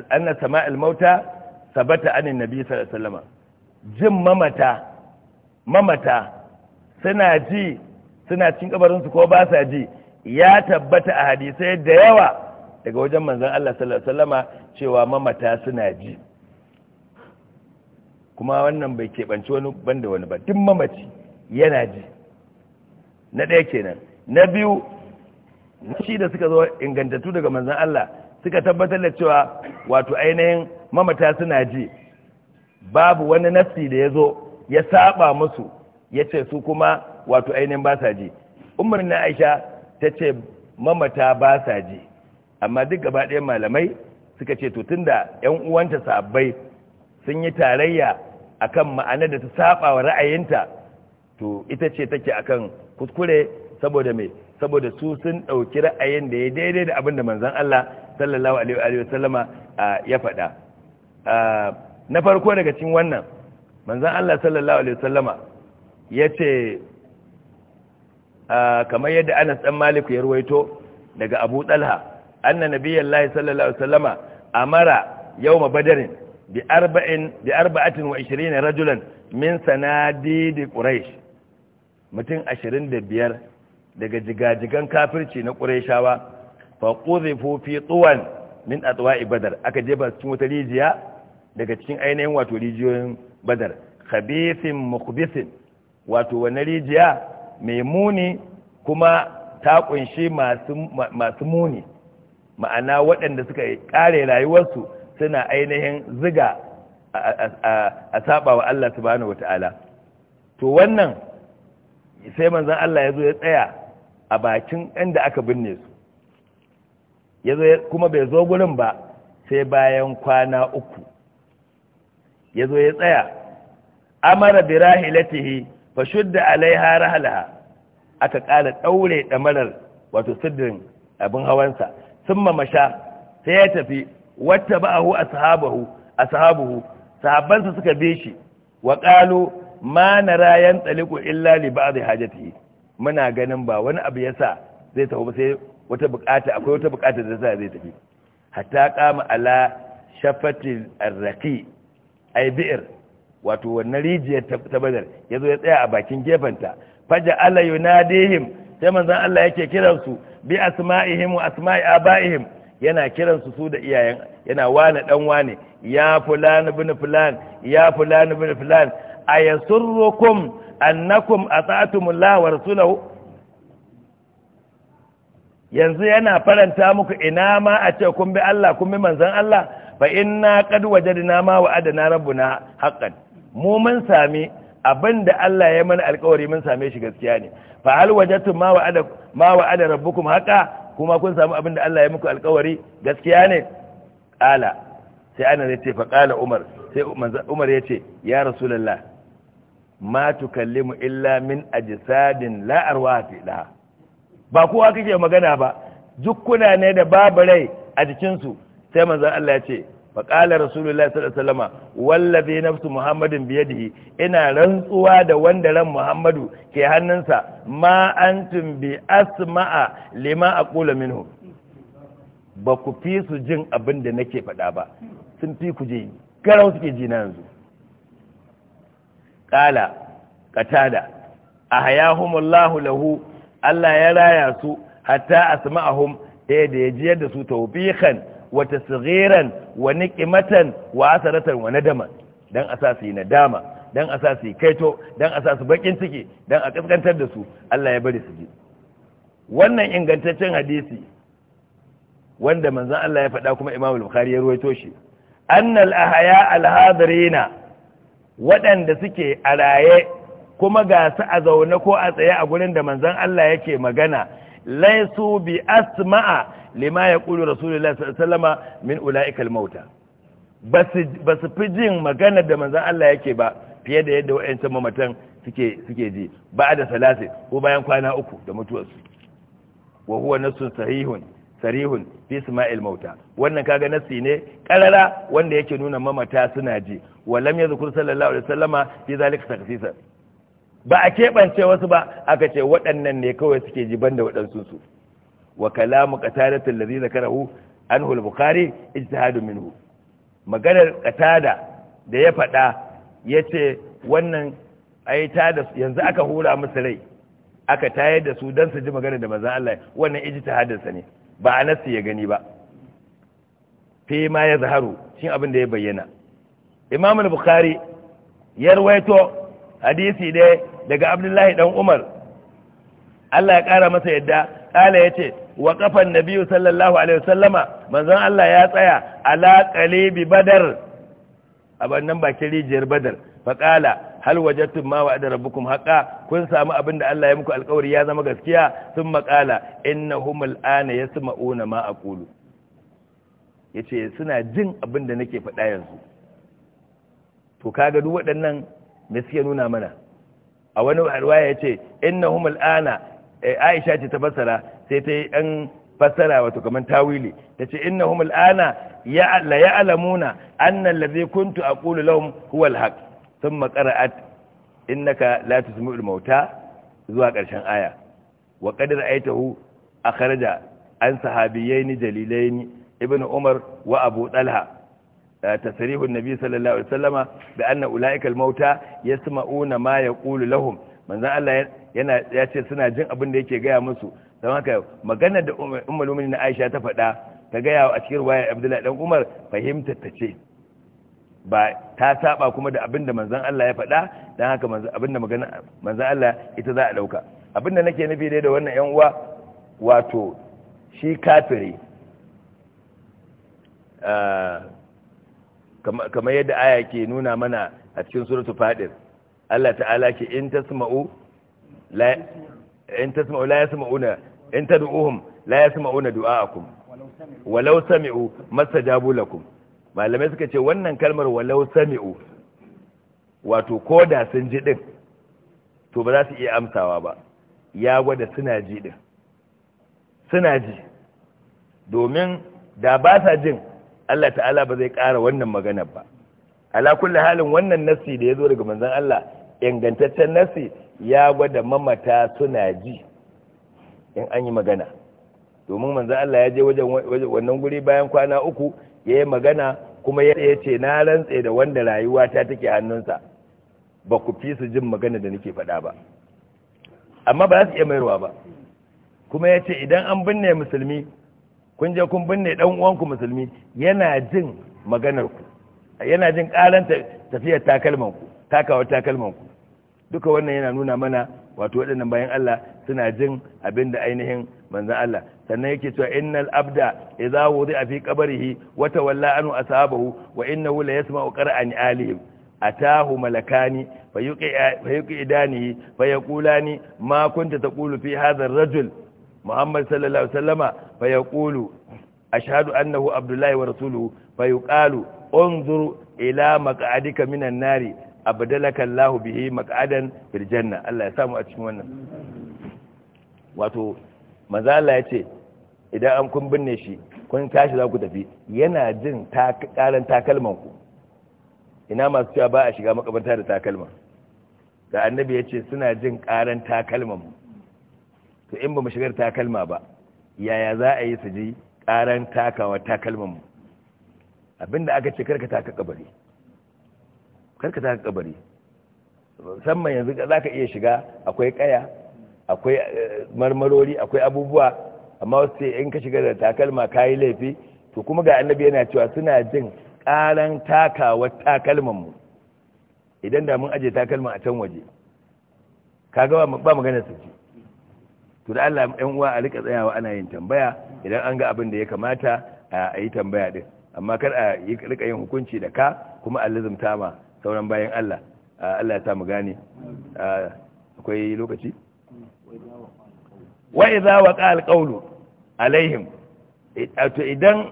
anna sama'il mauta sabata anin nabi sallallahu alaihi wasallam jin mamata mamata suna ji suna cin kabarin su ko ba sa ji ya tabbata a hadisai da yawa daga wajen manzon Allah sallallahu alaihi wasallam cewa mamata suna ji kuma wannan bai keɓanci wani banda wani ba duk mamaci yana ji na ɗaya kenan na biyu shi da suka zo ingantattu daga manzan Allah suka tabbatar da cewa wato ainihin mamata suna ji babu wani nafsi da ya zo ya saba musu ya ce su kuma wato ainihin ba sa ji umar na aisha ta ce mamata ba sa ji amma duk gaba ɗaya malamai suka ce to tun da yan uwanta sabbai sun yi tarayya akan ma'ana da ta saba wa ra'ayinta to ita ce take akan kuskure saboda me saboda su sun ɗauki ra'ayin da ya daidai da abin da manzan Allah sallallahu alaihi wa sallama ya faɗa na farko daga cikin wannan manzan Allah sallallahu alaihi wa sallama ya ce kamar yadda Anas dan Malik ya ruwaito daga Abu Talha anna nabiyullahi sallallahu alaihi wa sallama amara yawma badarin bi arba'in bi arba'atin wa 20 rajulan min di quraish mutum ashirin da biyar daga jigajigan kafirci na ƙureshawa fa quzifu fi tuwan min atwa'i badar aka jeba cikin wata rijiya daga cikin ainihin wato rijiyoyin badar khabithin mukhbithin wato wani rijiya mai muni kuma ta kunshi masu muni ma'ana waɗanda suka ƙare rayuwarsu suna ainihin ziga a saba wa Allah subhanahu wata'ala to wannan sai manzon Allah ya zo ya tsaya a bakin inda aka binne su kuma bai zo gurin ba sai bayan kwana uku ya zo ya tsaya amara bi rahilatihi fa shudda alaiha rahalaha aka ƙara ɗaure ɗamarar wato sidrin abin hawansa sun masha sai ya tafi wata ba'ahu ashabahu ashabuhu sahabbansa suka bi shi wa qalu ma nara yan tsaliku illa li ba'di hajatihi muna ganin ba wani abu yasa zai tafi ba sai wata bukata akwai wata bukata da sa zai tafi hatta kama ala shafati arraqi ay bi'r wato wannan rijiyar ta badar yazo ya tsaya a bakin gefanta faja ala yunadihim sai manzon Allah yake kiran su bi asma'ihim wa asma'i abaihim yana kiran su su da iyayen yana wane dan wani ya fulan ibn fulan ya fulan ibn fulan ayasurrukum annakum ata'tumullah wa rasulahu yanzu yana faranta muku ina ma a ce kun bi Allah kun bi manzon Allah fa inna qad wajadna ma wa'adana rabbuna haqqan mu mun sami abinda Allah ya mana alƙawari mun same shi gaskiya ne fa hal wajadtum ma wa'ada ma wa'ada rabbukum haqa kuma kun samu abinda Allah ya muku alƙawari gaskiya ne qala sai ana zai ce fa qala umar sai umar ya ce ya rasulullah ma tukallimu illa min ajsadin la arwaha fi ba kowa kake magana ba dukkuna ne da babu rai a jikin su sai maza Allah ya ce fa qala rasulullahi sallallahu alaihi wasallama wallabi nafsu muhammadin bi ina rantsuwa da wanda ran muhammadu ke hannunsa ma antum bi asma'a lima aqulu minhu ba ku fi su jin abin da nake faɗa ba sun fi ku je garau suke ji na yanzu ƙala katada a hayahumullahu lahu Allah ya raya su hatta asma'ahum ɗaya eh, da ya jiyar da su taubikan wa tasghiran wa niqmatan wa asaratan wa nadaman dan asasi na dama dan asasi kaito dan asasi bakin ciki dan a kaskantar da su Allah ya bari su ji wannan ingantaccen hadisi wanda manzon Allah ya faɗa kuma Imam Bukhari ya ruwaito shi annal ahya al hadirina waɗanda suke a raye kuma ga su a zaune ko a tsaye a gurin da manzon Allah yake magana laisu bi asma'a lima ya ƙulu rasulullah sallama min ula'ikal mauta basu su fi jin magana da manzan Allah yake ba fiye da yadda wa'yancan mamatan suke ji ba da salasi ko bayan kwana uku da mutuwarsu wa huwa nassun sahihun sarihun fi Ismail mauta wannan kaga nassi ne karara wanda yake nuna mamata suna ji walam yazkur sallallahu alaihi wasallama fi zalika takfisa ba a keɓance wasu ba aka ce waɗannan ne kawai suke ji banda waɗansu su wa kalamu qatadatul ladhi zakarahu anhu al-bukhari ijtihadun minhu maganar qatada da ya faɗa yace wannan ai ta da yanzu aka hura musu rai aka tayar da su dan su ji maganar da manzon Allah wannan ta ne ba a nasu ya gani ba fi ma ya zaharu cin abin da ya bayyana imamul bukhari ya rawaito hadisi ne daga abdullahi dan umar Allah ya kara masa yadda ya ce wa kafan nabiyyu sallallahu alaihi wasallama manzon Allah ya tsaya ala qalibi badar bannan bakin rijiyar badar fa kala hal wajadtum ma wa'ada rabbukum haqa kun samu abin da Allah ya muku alƙawari ya zama gaskiya sun maƙala innahum al'ana yasma'una ma aqulu yace suna jin abinda nake faɗa yanzu to kaga duk waɗannan me suke nuna mana a wani riwaya yace innahum al'ana eh, Aisha ce ta fassara sai ta yi ɗan fassara wato kamar tawili ta ce innahum al'ana ya la ya'lamuna anna allazi kuntu aqulu lahum huwa al-haqq sun maƙara'at innaka la tusmi'ul mauta zuwa ƙarshen aya wa aitahu ra'aytahu akhraja an sahabiyyaini jalilaini Ibn umar wa abu talha eh, tasrihu nabi sallallahu alaihi wasallama bi anna ulaika al-mauta yasma'una ma yaqulu lahum manzo Allah ya ce suna jin abin da yake gaya musu don haka magana da Umar na Aisha ta faɗa ta gaya a cikin waya, Abdullahi dan Umar fahimtar ta ce ba ta saba kuma da abinda manzon Allah ya faɗa dan haka manzon abinda magana manzon Allah ita za a dauka abinda nake nufi dai da wannan yan uwa wato shi kafiri kama yadda aya ke nuna mana a cikin suratul fadil Allah ta'ala ke in tasma'u la in tasma'u la yasma'una in tad'uhum la yasma'una du'aakum walau sami'u masajabu lakum malamai suka ce wannan kalmar walau sami'u wato ko da sun ji din to ba za su iya amsawa ba ya gwada suna ji din suna ji domin da ba sa jin Allah ta'ala ba zai ƙara wannan magana ba ala kulli halin wannan nassi da ya zo daga manzon Allah ingantaccen nassi ya gwada mamata suna ji in an yi magana domin manzon Allah ya je wajen wannan guri bayan kwana uku ya yi magana kuma ya ce na rantse da wanda rayuwa ta take hannunsa ba ku fi su jin magana da nake faɗa ba amma ba za su iya mayarwa ba kuma ya ce idan an binne musulmi kun je kun binne dan uwanku musulmi yana jin maganarku yana jin ƙaran tafiyar takalmanku takawar takalmanku duka wannan yana nuna mana wato waɗannan bayan Allah suna jin abin da ainihin manzan Allah sannan yake cewa innal abda idza wudi'a fi qabrihi wa tawalla anhu ashabahu wa innahu la yasma'u qara'an alihim atahu malakani fayuqidani fayaqulani ma kunta taqulu fi hadha ar-rajul muhammad sallallahu alaihi wasallama fayaqulu ashhadu annahu abdullahi wa rasuluhu fayuqalu unzur ila maq'adika minan nari abdalaka allah bihi maq'adan fil janna Allah ya samu a cikin wannan wato manzo Allah ya ce idan an kun binne shi kun tashi za ku tafi yana jin karan takalman ina masu cewa ba a shiga makabarta da takalma da annabi ya ce suna jin karan takalman mu to in ba mu shigar takalma ba yaya za a yi su ji karan takawa takalman abinda aka ce karka taka kabari karka taka kabari musamman yanzu za ka iya shiga akwai kaya akwai eh, marmarori akwai abubuwa amma wasu sai in ka shiga da takalma ka yi laifi to kuma ga annabi yana cewa suna jin ƙaran takalman takalmanmu idan da mun aje takalma a can waje ka ga ba magana su ce to da Allah ɗan uwa a rika tsayawa ana yin tambaya idan an ga abin da ya kamata a yi tambaya din amma kar a rika yin hukunci da ka kuma allazumta ma sauran bayan Allah Allah ya sa mu gane akwai lokaci wa idza waqa alaihim idan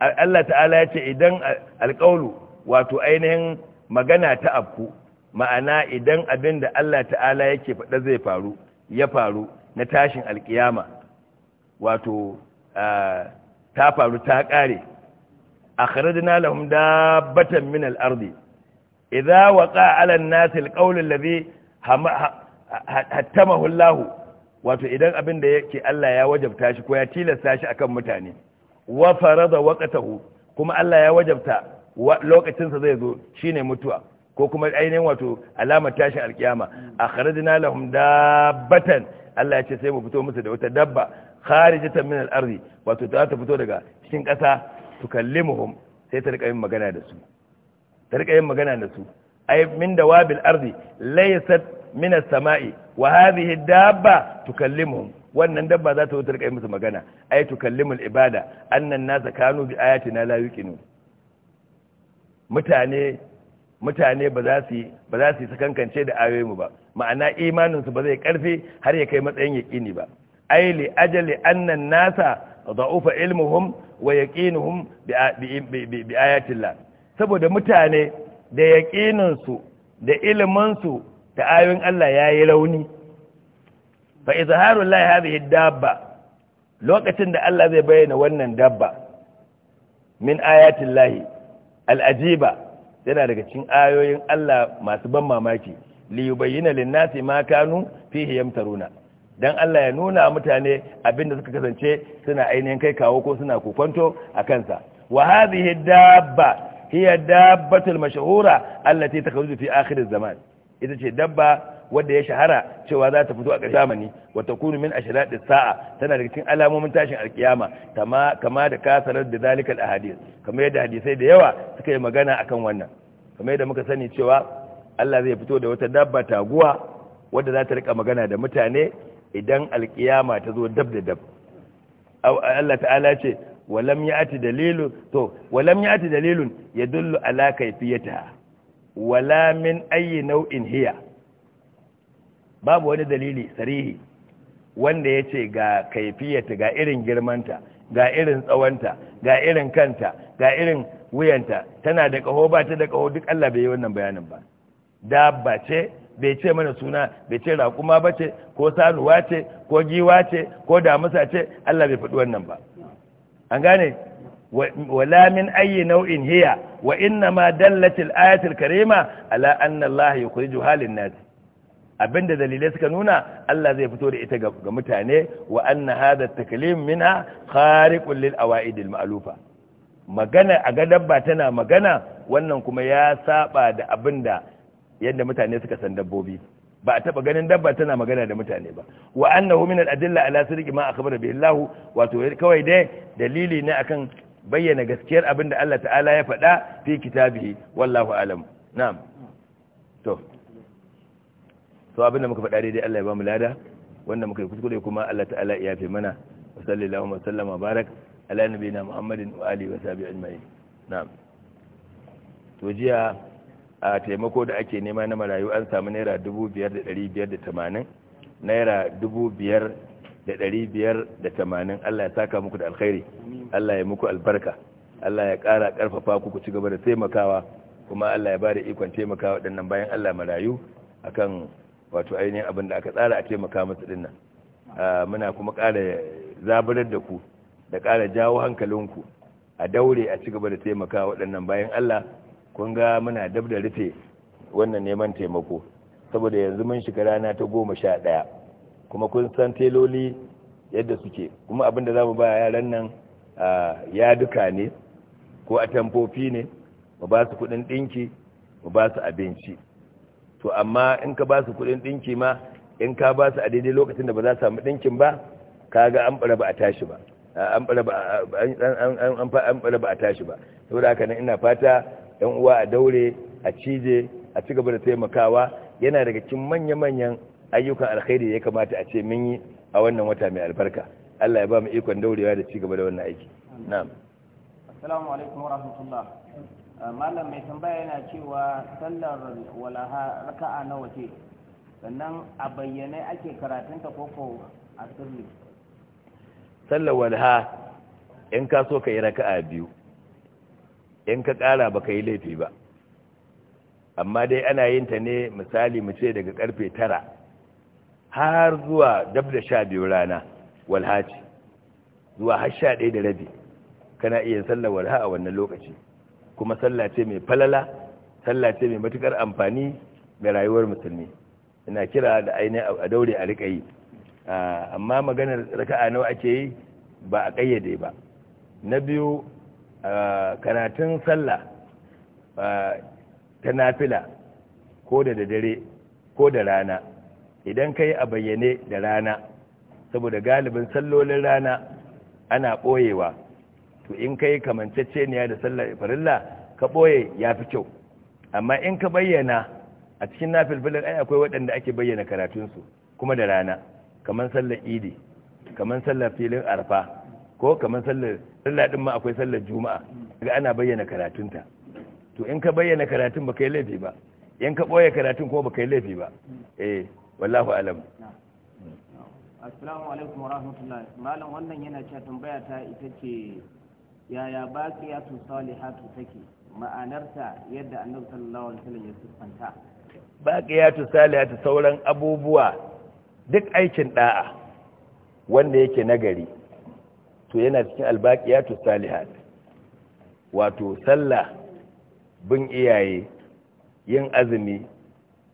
Allah ta'ala ya ce idan alqawlu wato ainihin magana ta abku ma'ana idan abin da Allah ta'ala yake faɗa zai faru ya faru na tashin alkiyama wato ta faru ta ƙare a kharajina lahum dabbatan min al-ardi idza waqa 'ala nasi al-qawl alladhi wato idan abin da yake Allah ya wajabta shi ko ya tilasta shi akan mutane wa farada waqtahu kuma Allah ya wajabta lokacin sa zai zo shine mutuwa ko kuma ainihin wato alamar tashin alkiyama akhrajna lahum dabbatan Allah ya ce sai mu fito musu da wata dabba kharijatan min al-ardi wato ta fito daga cikin kasa tukallimuhum sai ta rika yin magana da su ta rika yin magana da su ay min dawabil ardi laysat min as-sama'i wa hadhihi ad-dabba tukallimuhum wannan dabba za ta wutar kai musu magana ay tukallimul ibada annan nasa kanu bi ayatina la yuqinu mutane mutane ba za su ba za su sakankance da ayoyinmu ba ma'ana imaninsu ba zai karfi har ya kai matsayin yaqini ba ay li ajali annan nasa da'ufa ilmuhum wa yaqinuhum bi ayatillah saboda mutane da yaƙinansu da iliminsu da ayoyin Allah ya yi rauni fa izharul lahi hadhihi dabba lokacin da Allah zai bayyana wannan dabba min ayatin lahi al'ajiba yana daga cikin ayoyin Allah masu ban mamaki li yubayyana lin-nasi ma kanu fihi yamtaruna dan Allah ya nuna mutane abinda suka kasance suna ainihin kai kawo ko suna kokonto a kansa wa hadhihi dabba allah dabbatul mashhura allati takhruju fi akirin zamani zaman ita ce dabba wadda ya shahara cewa za ta fito a ƙarshen zamani wata kunu min da sa'a tana da cikin alamomin tashin alkiyama kama kama da kasarar da zalikal ahadith kamar yadda hadisai da yawa suka yi magana akan wannan kamar yadda muka sani cewa Allah zai fito da wata dabba taguwa wadda za ta rika magana da mutane idan alkiyama ta zo dab da dab Allah ta'ala ce walam ya'ti dalilun to walam ya'ti dalilun yadullu ala kayfiyatiha wala min ayi nau'in hiya babu wani dalili sarihi wanda ya ce ga kaifiyata ga irin girmanta ga irin tsawonta ga irin kanta ga irin wuyanta tana da kaho ba ta da kaho duk Allah bai yi wannan bayanin ba da ba ce bai ce mana suna bai ce raƙuma ba ce ko sanuwa ce ko giwa ce ko damusa ce Allah bai faɗi wannan ba an gane wala min ayi nau'in hiya wa inna ma dallatil ayatul karima ala anna Allah yukhriju halin nas abinda dalilai suka nuna Allah zai fito da ita ga mutane wa anna hadha taklim minha khariqun lil awaid al magana a ga dabba tana magana wannan kuma ya saba da abinda yadda mutane suka san dabbobi ba a taba ganin dabba tana magana da mutane ba wa annahu min adilla ala sirqi ma akhbara bihi Allah wato kawai dai dalili ne akan bayyana gaskiyar abin da Allah ta'ala ya faɗa fi kitabi wallahu alam na'am to so abin da muka faɗa daidai Allah ya ba mu lada wanda muka yi kuskure kuma Allah ta'ala ya fi mana wa sallallahu wa sallama barak ala nabiyina muhammadin wa alihi wa sahbihi ajma'in na'am to jiya a taimako da ake nema na marayu an samu naira 5580 naira 5580 Allah ya saka muku da alkhairi Allah ya muku albarka Allah ya ƙara ƙarfafa ku ku ci gaba da taimakawa kuma Allah ya ba da ikon taimakawa waɗannan bayan Allah marayu akan wato ainihin abin da aka tsara a taimaka masu ɗin nan muna kuma ƙara zabarar da ku da ƙara jawo hankalinku a daure a ci gaba da taimakawa waɗannan bayan Allah kun ga muna dab da rufe wannan neman taimako saboda yanzu mun shiga rana ta goma sha ɗaya kuma kun san teloli yadda suke kuma abin da za mu ba yaran nan ya duka ne ko a tamfofi ne mu ba su kudin dinki mu ba su abinci to amma in ka ba su kudin dinki ma in ka ba su a daidai lokacin da ba za su samu dinkin ba kaga an bara ba a tashi ba an bara ba a tashi ba saboda haka nan ina fata yan uwa a daure a cije a ci gaba da taimakawa yana daga cikin manya-manyan ayyukan alkhairi ya kamata a ce mun yi a wannan wata mai albarka Allah ya ba mu ikon daurewa da cigaba da wannan aiki na'am assalamu alaikum warahmatullah uh, malam mai tambaya yana cewa sallar walaha raka'a nawa ce sannan a bayyane ake ta koko a sirri sallar walaha in ka so ka yi raka'a biyu in ka kara ba ka yi laifi ba amma dai ana yin ta ne misali mu ce daga karfe tara har zuwa dab da sha biyu rana walhaci zuwa har sha ɗaya da rabi kana iya sallar walha a wannan lokaci kuma sallah ce mai falala sallah ce mai matukar amfani ga rayuwar musulmi ina kira da aini a daure a riƙa yi amma maganar raka'a nawa ake yi ba a ƙayyade ba na biyu karatun sallah ta nafila ko da dare ko da rana idan ka yi a bayyane da rana saboda galibin sallolin rana ana ɓoyewa to in kai kamanceceniya da sallar farilla ka ɓoye ya fi kyau amma in ka bayyana a cikin nafilfilin ai akwai waɗanda ake bayyana karatunsu kuma da rana kamar sallar idi kamar sallar filin arfa ko kamar sallar sallar ɗin ma akwai sallar juma'a daga ana bayyana karatunta to in ka bayyana karatun ba kai laifi ba in ka ɓoye karatun kuma ba kai laifi ba eh wallahu alam assalamu alaikum rahmatulah malam wannan yana cewa tambaya ta ita ce yaya ya baqiyatu salihatu take ma'anarta yadda annabi sallallahu alaihi wasallam ya siffanta baqiyatu salihatu sauran abubuwa duk aikin da'a wanda yake nagari to yana cikin albaqiyatu salihat wato sallah bin iyaye yin azumi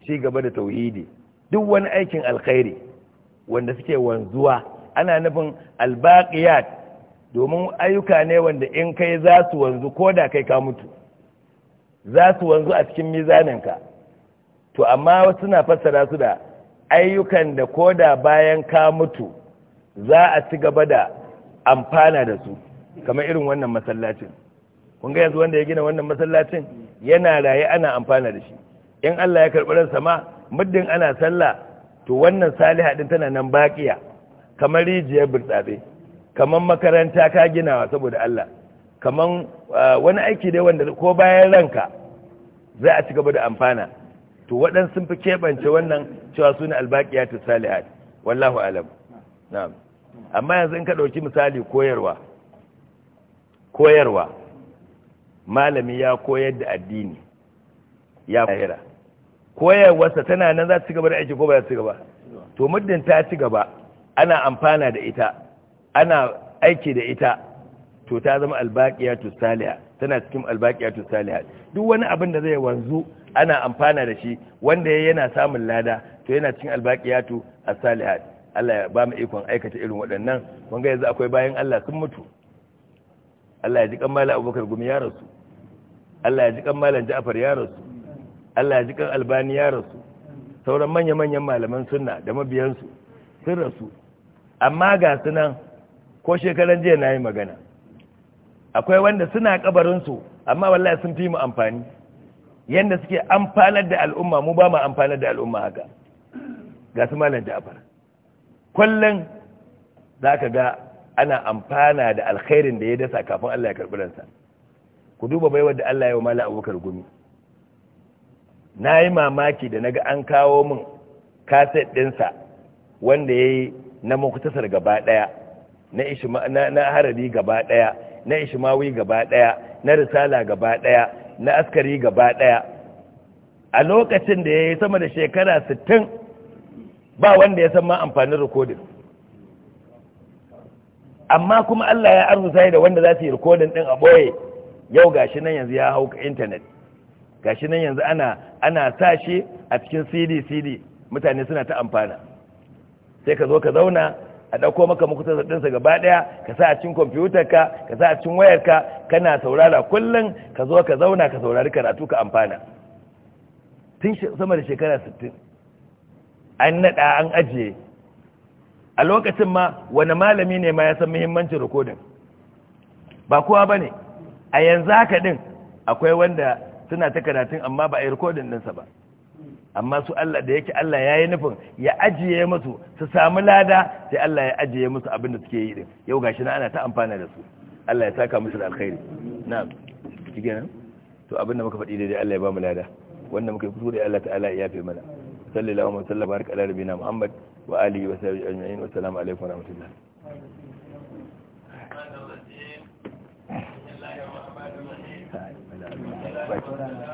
ci gaba da tauhidi duk wani aikin alkhairi wanda suke wanzuwa ana nufin albaqiyat domin ayyuka ne wanda in kai za su wanzu ko da kai ka mutu za su wanzu a cikin mizaninka to amma suna fassara su da ayyukan da ko da bayan ka mutu za a ci gaba da amfana da su kamar irin wannan masallacin kun ga yanzu wanda ya gina wannan masallacin yana raye ana amfana da shi in Allah ya karɓi ransa ma muddin ana sallah to wannan saliha din tana nan baƙiya kamar rijiyar birtsabe, kamar makaranta ka ginawa saboda Allah kamar wani aiki dai wanda ko bayan ranka za a ci gaba da amfana to waɗan sun fi keɓance wannan cewa su ne albaƙiya ta saliha wallahu alam amma yanzu in ka ɗauki misali koyarwa koyarwa malami ya koyar da addini ya koyara koyarwarsa tana nan za ta ci gaba da aiki ko ba za ta ci gaba to muddin ta ci gaba ana amfana da ita ana aiki da ita to ta zama tu saliha tana cikin tu saliha duk wani abin da zai wanzu ana amfana da shi wanda yana samun lada to yana cikin albaqiya as saliha Allah ya ba mu ikon aikata irin waɗannan kun ga yanzu akwai bayan Allah sun mutu Allah ya ji kan malam Abubakar gumi ya rasu Allah ya ji kan malam Ja'far ya rasu Allah ya ji kan albani ya rasu sauran manya-manyan malaman sunna da mabiyansu sun rasu amma ga sunan ko shekaran jiya na yi magana akwai wanda suna kabarinsu amma wallahi sun fi mu amfani yadda suke amfanar da al'umma mu ba mu amfanar da al'umma haka ga su malam ja'far kullum za ka ga ana amfana da alkhairin da ya dasa kafin Allah ya karɓi ransa ku duba baiwar da Allah ya wa malam abubakar gumi na yi mamaki da naga an kawo min kaset ɗinsa wanda ya yi na makutasar gaba ɗaya na harari gaba ɗaya na ishimawi gaba ɗaya na risala gaba ɗaya na askari gaba ɗaya a lokacin da ya yi sama da shekara 60 ba wanda ya san ma amfanin rikodin amma kuma Allah ya arzuta da wanda za su yi rikodin ɗin a ɓoye yau gashi nan yanzu ya hau intanet gashi nan yanzu ana ana sa a cikin cd cd mutane suna ta amfana sai ka zo ka zauna a ɗauko maka makutar saɗinsa gaba ɗaya ka sa a cikin kwamfutar ka ka sa a cikin wayar ka kana saurara kullum ka zo ka zauna ka saurari karatu ka amfana tun sama da shekara 60 an naɗa an ajiye a lokacin ma wani malami ne ma ya san muhimmancin rikodin ba kowa ba ne a yanzu haka ɗin akwai wanda suna ta karatun amma ba a yi rikodin ɗinsa ba amma su Allah da yake Allah ya yi nufin ya ajiye musu su samu lada sai Allah ya ajiye musu abin da suke yi din yau gashi na ana ta amfana da su Allah ya saka musu da alkhairi na'am nan? to abin da muka faɗi dai Allah ya ba mu lada wanda muka yi da Allah ta'ala ya fi mana sallallahu alaihi wa sallam barka ala rabbina muhammad wa alihi wa sahbihi ajma'in wa assalamu alaikum wa rahmatullahi Gracias.